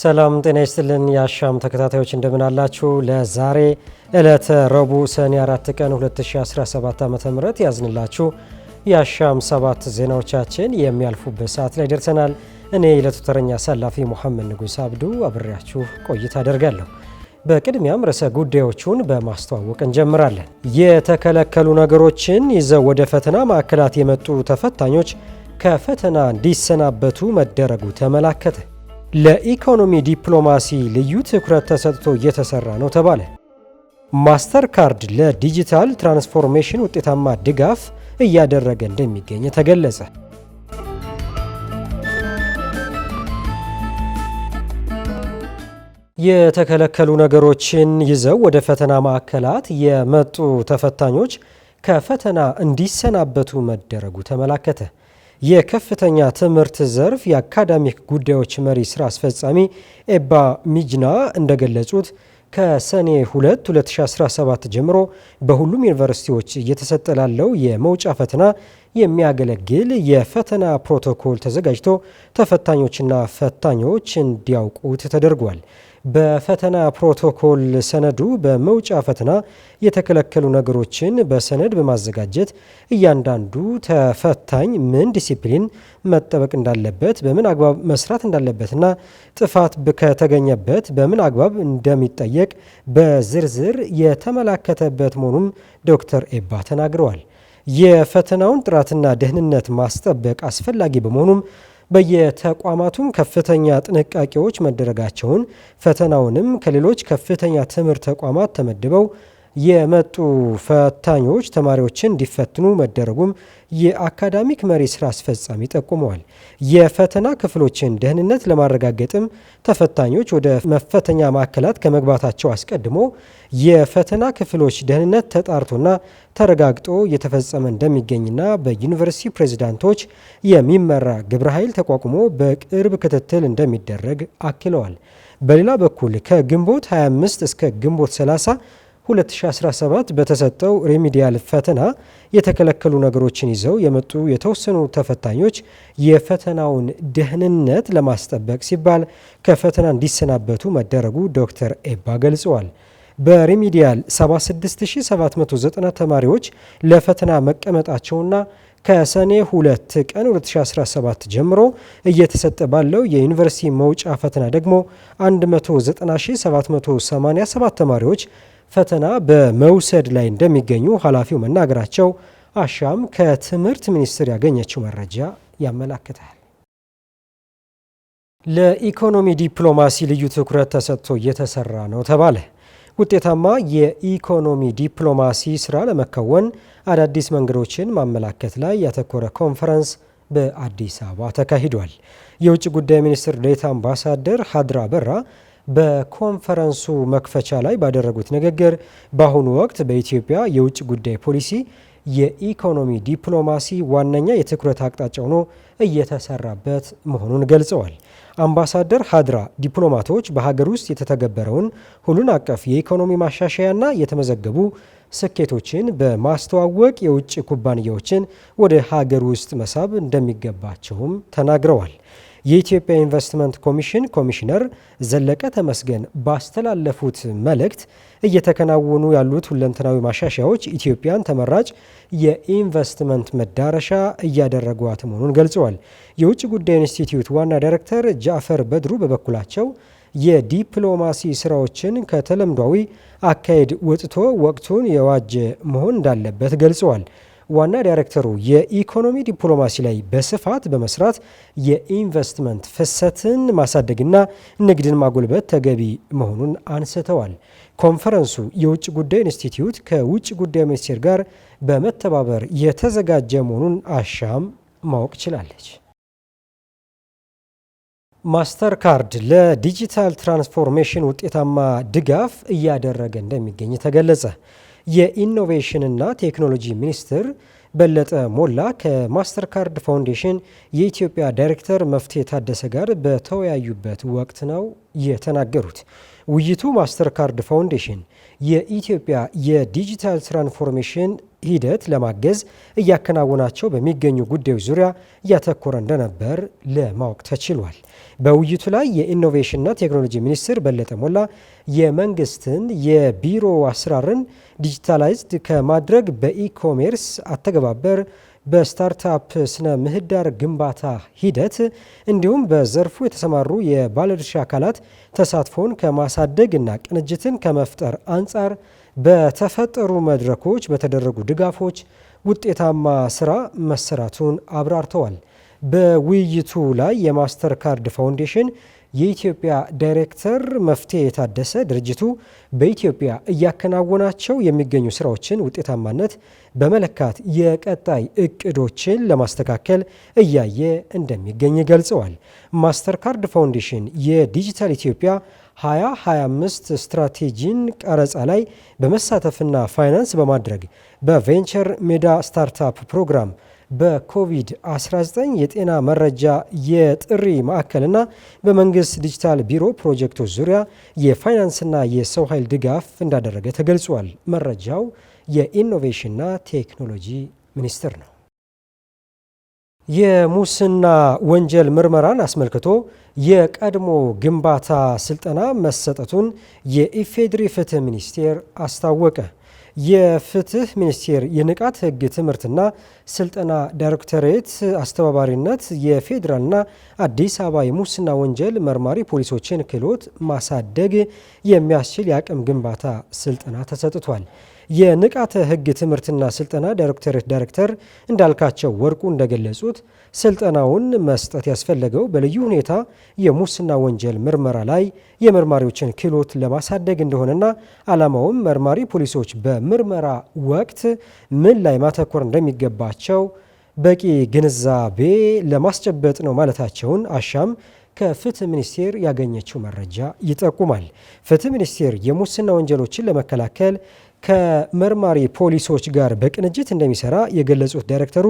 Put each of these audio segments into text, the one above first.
ሰላም ጤና ይስጥልን። የአሻም ተከታታዮች እንደምን አላችሁ? ለዛሬ ዕለተ ረቡዕ ሰኔ 4 ቀን 2017 ዓ ም ያዝንላችሁ የአሻም ሰባት ዜናዎቻችን የሚያልፉበት ሰዓት ላይ ደርሰናል። እኔ የዕለቱ ተረኛ ሰላፊ ሙሐመድ ንጉስ አብዱ አብሬያችሁ ቆይታ አደርጋለሁ። በቅድሚያም ርዕሰ ጉዳዮቹን በማስተዋወቅ እንጀምራለን። የተከለከሉ ነገሮችን ይዘው ወደ ፈተና ማዕከላት የመጡ ተፈታኞች ከፈተና እንዲሰናበቱ መደረጉ ተመላከተ። ለኢኮኖሚ ዲፕሎማሲ ልዩ ትኩረት ተሰጥቶ እየተሰራ ነው ተባለ። ማስተር ካርድ ለዲጂታል ትራንስፎርሜሽን ውጤታማ ድጋፍ እያደረገ እንደሚገኝ ተገለጸ። የተከለከሉ ነገሮችን ይዘው ወደ ፈተና ማዕከላት የመጡ ተፈታኞች ከፈተና እንዲሰናበቱ መደረጉ ተመላከተ። የከፍተኛ ትምህርት ዘርፍ የአካዳሚክ ጉዳዮች መሪ ስራ አስፈጻሚ ኤባ ሚጅና እንደገለጹት ከሰኔ 2 2017 ጀምሮ በሁሉም ዩኒቨርሲቲዎች እየተሰጠ ላለው የመውጫ ፈተና የሚያገለግል የፈተና ፕሮቶኮል ተዘጋጅቶ ተፈታኞችና ፈታኞች እንዲያውቁት ተደርጓል። በፈተና ፕሮቶኮል ሰነዱ በመውጫ ፈተና የተከለከሉ ነገሮችን በሰነድ በማዘጋጀት እያንዳንዱ ተፈታኝ ምን ዲሲፕሊን መጠበቅ እንዳለበት፣ በምን አግባብ መስራት እንዳለበትና ጥፋት ከተገኘበት በምን አግባብ እንደሚጠየቅ በዝርዝር የተመላከተበት መሆኑን ዶክተር ኤባ ተናግረዋል። የፈተናውን ጥራትና ደህንነት ማስጠበቅ አስፈላጊ በመሆኑም በየተቋማቱም ከፍተኛ ጥንቃቄዎች መደረጋቸውን፣ ፈተናውንም ከሌሎች ከፍተኛ ትምህርት ተቋማት ተመድበው የመጡ ፈታኞች ተማሪዎችን እንዲፈትኑ መደረጉም የአካዳሚክ መሪ ስራ አስፈጻሚ ጠቁመዋል። የፈተና ክፍሎችን ደህንነት ለማረጋገጥም ተፈታኞች ወደ መፈተኛ ማዕከላት ከመግባታቸው አስቀድሞ የፈተና ክፍሎች ደህንነት ተጣርቶና ተረጋግጦ እየተፈጸመ እንደሚገኝና በዩኒቨርሲቲ ፕሬዚዳንቶች የሚመራ ግብረ ኃይል ተቋቁሞ በቅርብ ክትትል እንደሚደረግ አክለዋል። በሌላ በኩል ከግንቦት 25 እስከ ግንቦት 30 2017 በተሰጠው ሪሚዲያል ፈተና የተከለከሉ ነገሮችን ይዘው የመጡ የተወሰኑ ተፈታኞች የፈተናውን ደህንነት ለማስጠበቅ ሲባል ከፈተና እንዲሰናበቱ መደረጉ ዶክተር ኤባ ገልጸዋል። በሪሚዲያል 76790 ተማሪዎች ለፈተና መቀመጣቸውና ከሰኔ 2 ቀን 2017 ጀምሮ እየተሰጠ ባለው የዩኒቨርሲቲ መውጫ ፈተና ደግሞ 190787 ተማሪዎች ፈተና በመውሰድ ላይ እንደሚገኙ ኃላፊው መናገራቸው አሻም ከትምህርት ሚኒስቴር ያገኘችው መረጃ ያመላክታል። ለኢኮኖሚ ዲፕሎማሲ ልዩ ትኩረት ተሰጥቶ እየተሰራ ነው ተባለ። ውጤታማ የኢኮኖሚ ዲፕሎማሲ ስራ ለመከወን አዳዲስ መንገዶችን ማመላከት ላይ ያተኮረ ኮንፈረንስ በአዲስ አበባ ተካሂዷል። የውጭ ጉዳይ ሚኒስትር ዴኤታ አምባሳደር ሀድራ በራ በኮንፈረንሱ መክፈቻ ላይ ባደረጉት ንግግር በአሁኑ ወቅት በኢትዮጵያ የውጭ ጉዳይ ፖሊሲ የኢኮኖሚ ዲፕሎማሲ ዋነኛ የትኩረት አቅጣጫ ሆኖ እየተሰራበት መሆኑን ገልጸዋል። አምባሳደር ሀድራ ዲፕሎማቶች በሀገር ውስጥ የተተገበረውን ሁሉን አቀፍ የኢኮኖሚ ማሻሻያና የተመዘገቡ ስኬቶችን በማስተዋወቅ የውጭ ኩባንያዎችን ወደ ሀገር ውስጥ መሳብ እንደሚገባቸውም ተናግረዋል። የኢትዮጵያ ኢንቨስትመንት ኮሚሽን ኮሚሽነር ዘለቀ ተመስገን ባስተላለፉት መልእክት እየተከናወኑ ያሉት ሁለንተናዊ ማሻሻያዎች ኢትዮጵያን ተመራጭ የኢንቨስትመንት መዳረሻ እያደረጓት መሆኑን ገልጸዋል። የውጭ ጉዳይ ኢንስቲትዩት ዋና ዳይሬክተር ጃፈር በድሩ በበኩላቸው የዲፕሎማሲ ስራዎችን ከተለምዷዊ አካሄድ ወጥቶ ወቅቱን የዋጀ መሆን እንዳለበት ገልጸዋል። ዋና ዳይሬክተሩ የኢኮኖሚ ዲፕሎማሲ ላይ በስፋት በመስራት የኢንቨስትመንት ፍሰትን ማሳደግና ንግድን ማጎልበት ተገቢ መሆኑን አንስተዋል። ኮንፈረንሱ የውጭ ጉዳይ ኢንስቲትዩት ከውጭ ጉዳይ ሚኒስቴር ጋር በመተባበር የተዘጋጀ መሆኑን አሻም ማወቅ ችላለች። ማስተር ካርድ ለዲጂታል ትራንስፎርሜሽን ውጤታማ ድጋፍ እያደረገ እንደሚገኝ ተገለጸ። የኢኖቬሽንና ቴክኖሎጂ ሚኒስትር በለጠ ሞላ ከማስተርካርድ ፋውንዴሽን የኢትዮጵያ ዳይሬክተር መፍትሄ ታደሰ ጋር በተወያዩበት ወቅት ነው የተናገሩት። ውይይቱ ማስተርካርድ ፋውንዴሽን የኢትዮጵያ የዲጂታል ትራንስፎርሜሽን ሂደት ለማገዝ እያከናወናቸው በሚገኙ ጉዳዮች ዙሪያ እያተኮረ እንደነበር ለማወቅ ተችሏል። በውይይቱ ላይ የኢኖቬሽንና ቴክኖሎጂ ሚኒስትር በለጠ ሞላ የመንግስትን የቢሮ አሰራርን ዲጂታላይዝድ ከማድረግ በኢኮሜርስ አተገባበር በስታርታፕ ስነ ምህዳር ግንባታ ሂደት እንዲሁም በዘርፉ የተሰማሩ የባለድርሻ አካላት ተሳትፎን ከማሳደግ እና ቅንጅትን ከመፍጠር አንጻር በተፈጠሩ መድረኮች በተደረጉ ድጋፎች ውጤታማ ስራ መሰራቱን አብራርተዋል። በውይይቱ ላይ የማስተር ካርድ ፋውንዴሽን የኢትዮጵያ ዳይሬክተር መፍትሄ የታደሰ ድርጅቱ በኢትዮጵያ እያከናወናቸው የሚገኙ ስራዎችን ውጤታማነት በመለካት የቀጣይ እቅዶችን ለማስተካከል እያየ እንደሚገኝ ገልጸዋል። ማስተር ካርድ ፋውንዴሽን የዲጂታል ኢትዮጵያ 2025 ስትራቴጂን ቀረጻ ላይ በመሳተፍና ፋይናንስ በማድረግ በቬንቸር ሜዳ ስታርታፕ ፕሮግራም በኮቪድ-19 የጤና መረጃ የጥሪ ማዕከልና በመንግስት ዲጂታል ቢሮ ፕሮጀክቶች ዙሪያ የፋይናንስና የሰው ኃይል ድጋፍ እንዳደረገ ተገልጿል። መረጃው የኢኖቬሽንና ቴክኖሎጂ ሚኒስቴር ነው። የሙስና ወንጀል ምርመራን አስመልክቶ የቀድሞ ግንባታ ስልጠና መሰጠቱን የኢፌዴሪ ፍትህ ሚኒስቴር አስታወቀ። የፍትህ ሚኒስቴር የንቃት ህግ ትምህርትና ስልጠና ዳይሬክቶሬት አስተባባሪነት የፌዴራልና አዲስ አበባ የሙስና ወንጀል መርማሪ ፖሊሶችን ክህሎት ማሳደግ የሚያስችል የአቅም ግንባታ ስልጠና ተሰጥቷል። የንቃተ ህግ ትምህርትና ስልጠና ዳይሬክቶሬት ዳይሬክተር እንዳልካቸው ወርቁ እንደገለጹት ስልጠናውን መስጠት ያስፈለገው በልዩ ሁኔታ የሙስና ወንጀል ምርመራ ላይ የመርማሪዎችን ክህሎት ለማሳደግ እንደሆነና ዓላማውም መርማሪ ፖሊሶች በምርመራ ወቅት ምን ላይ ማተኮር እንደሚገባቸው በቂ ግንዛቤ ለማስጨበጥ ነው ማለታቸውን አሻም ከፍትህ ሚኒስቴር ያገኘችው መረጃ ይጠቁማል። ፍትህ ሚኒስቴር የሙስና ወንጀሎችን ለመከላከል ከመርማሪ ፖሊሶች ጋር በቅንጅት እንደሚሰራ የገለጹት ዳይሬክተሩ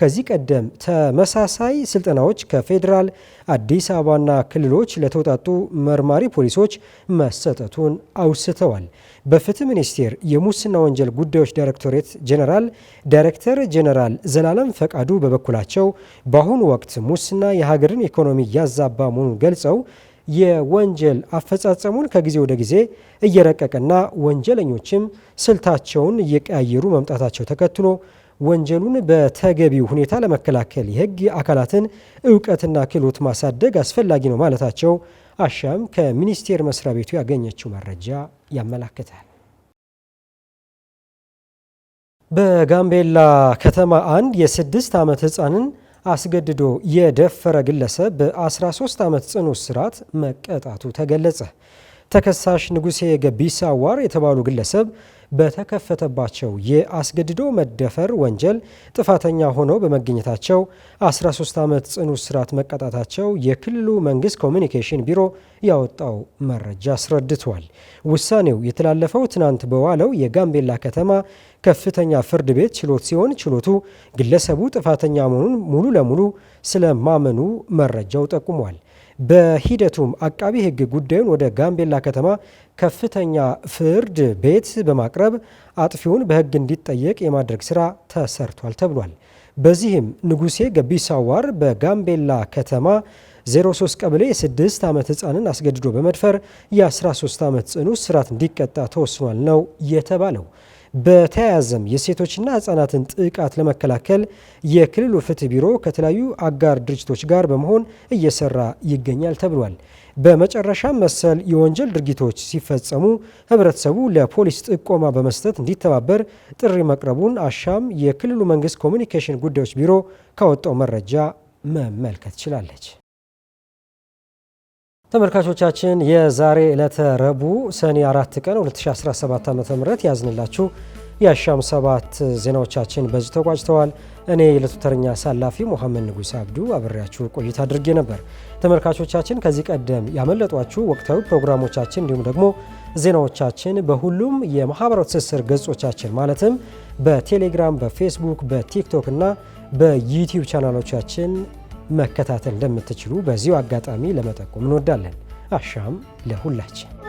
ከዚህ ቀደም ተመሳሳይ ስልጠናዎች ከፌዴራል አዲስ አበባና ክልሎች ለተውጣጡ መርማሪ ፖሊሶች መሰጠቱን አውስተዋል። በፍትህ ሚኒስቴር የሙስና ወንጀል ጉዳዮች ዳይሬክቶሬት ጄኔራል ዳይሬክተር ጄኔራል ዘላለም ፈቃዱ በበኩላቸው በአሁኑ ወቅት ሙስና የሀገርን ኢኮኖሚ እያዛባ መሆኑን ገልጸው የወንጀል አፈጻጸሙን ከጊዜ ወደ ጊዜ እየረቀቀና ወንጀለኞችም ስልታቸውን እየቀያየሩ መምጣታቸው ተከትሎ ወንጀሉን በተገቢው ሁኔታ ለመከላከል የሕግ አካላትን እውቀትና ክህሎት ማሳደግ አስፈላጊ ነው ማለታቸው አሻም ከሚኒስቴር መስሪያ ቤቱ ያገኘችው መረጃ ያመላክታል። በጋምቤላ ከተማ አንድ የስድስት ዓመት ህፃንን። አስገድዶ የደፈረ ግለሰብ በ13 ዓመት ጽኑ እስራት መቀጣቱ ተገለጸ። ተከሳሽ ንጉሴ ገቢሳ ዋር የተባሉ ግለሰብ በተከፈተባቸው የአስገድዶ መደፈር ወንጀል ጥፋተኛ ሆነው በመገኘታቸው 13 ዓመት ጽኑ እስራት መቀጣታቸው የክልሉ መንግስት ኮሚኒኬሽን ቢሮ ያወጣው መረጃ አስረድቷል። ውሳኔው የተላለፈው ትናንት በዋለው የጋምቤላ ከተማ ከፍተኛ ፍርድ ቤት ችሎት ሲሆን ችሎቱ ግለሰቡ ጥፋተኛ መሆኑን ሙሉ ለሙሉ ስለማመኑ መረጃው ጠቁሟል። በሂደቱም አቃቢ ሕግ ጉዳዩን ወደ ጋምቤላ ከተማ ከፍተኛ ፍርድ ቤት በማቅረብ አጥፊውን በሕግ እንዲጠየቅ የማድረግ ስራ ተሰርቷል ተብሏል። በዚህም ንጉሴ ገቢሳዋር በጋምቤላ ከተማ 03 ቀበሌ የ6 ዓመት ህፃንን አስገድዶ በመድፈር የ13 ዓመት ጽኑ እስራት እንዲቀጣ ተወስኗል ነው የተባለው። በተያያዘም የሴቶችና ህጻናትን ጥቃት ለመከላከል የክልሉ ፍትህ ቢሮ ከተለያዩ አጋር ድርጅቶች ጋር በመሆን እየሰራ ይገኛል ተብሏል። በመጨረሻ መሰል የወንጀል ድርጊቶች ሲፈጸሙ ህብረተሰቡ ለፖሊስ ጥቆማ በመስጠት እንዲተባበር ጥሪ መቅረቡን አሻም የክልሉ መንግስት ኮሚኒኬሽን ጉዳዮች ቢሮ ካወጣው መረጃ መመልከት ችላለች። ተመልካቾቻችን የዛሬ ዕለተ ረቡዕ ሰኔ 4 ቀን 2017 ዓ ም ያዝንላችሁ የአሻም ሰባት ዜናዎቻችን በዚህ ተቋጭተዋል። እኔ የዕለቱ ተረኛ ሳላፊ ሞሐመድ ንጉስ አብዱ አብሬያችሁ ቆይታ አድርጌ ነበር። ተመልካቾቻችን ከዚህ ቀደም ያመለጧችሁ ወቅታዊ ፕሮግራሞቻችን እንዲሁም ደግሞ ዜናዎቻችን በሁሉም የማህበራዊ ትስስር ገጾቻችን ማለትም በቴሌግራም፣ በፌስቡክ፣ በቲክቶክ እና በዩቲዩብ ቻናሎቻችን መከታተል እንደምትችሉ በዚሁ አጋጣሚ ለመጠቆም እንወዳለን። አሻም ለሁላችን!